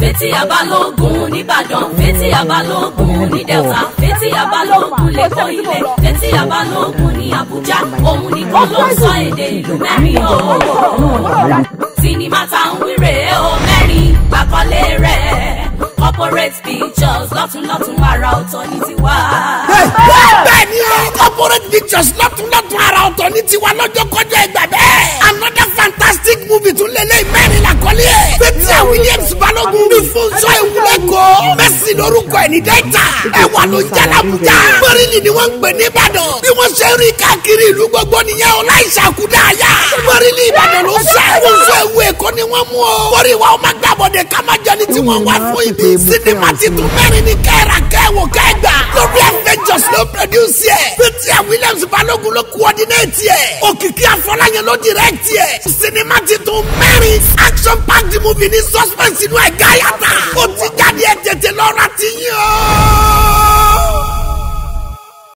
fetí abalógun nìbàdàn fetí abalógun ní delta fetí abalógun lẹ́kọ̀ọ́ ilẹ̀ fetí abalógun ní abuja òun nìkan ló ń sọ èdè ìlú mẹ́rin o. sinimá ta ń wíre o mẹ́rin gbàkọ́lé rẹ̀ corporate pictures lọ́túnlọ́tún ara ọ̀tọ̀ ní tiwa. bẹ́ẹ̀ o corporate pictures lọ́túnlọ́tún ara ọ̀tọ̀ ní tiwa lọ́jọ́ kọjá ẹgbàá bẹ́ẹ̀. Alfonso Ewuleko. Mercy lórúkọ ẹni dẹ́ta. Ẹ̀wà ló ń jẹ́ Labuja. Mọ́rìnì ni wọ́n ń pè ní Ìbàdàn. Bí wọ́n ṣe rí káàkiri ìlú gbogbo nìyẹn o yá. Mọ́rìnì Ìbàdàn ló sọ Alfonso Ewuleko ni wọ́n mú o. Mọ́rì wa ọmọ gbàbọ̀dẹ̀ ká má tí wọ́n wá fún ibi. Sinimá ti tún mẹ́rin ní kẹ́ra kẹ́wò kẹ́gbà. Lórí Avengers ló produce ẹ̀ action pack the movie ní suspense inú ẹ̀ gáyàtà. ó ti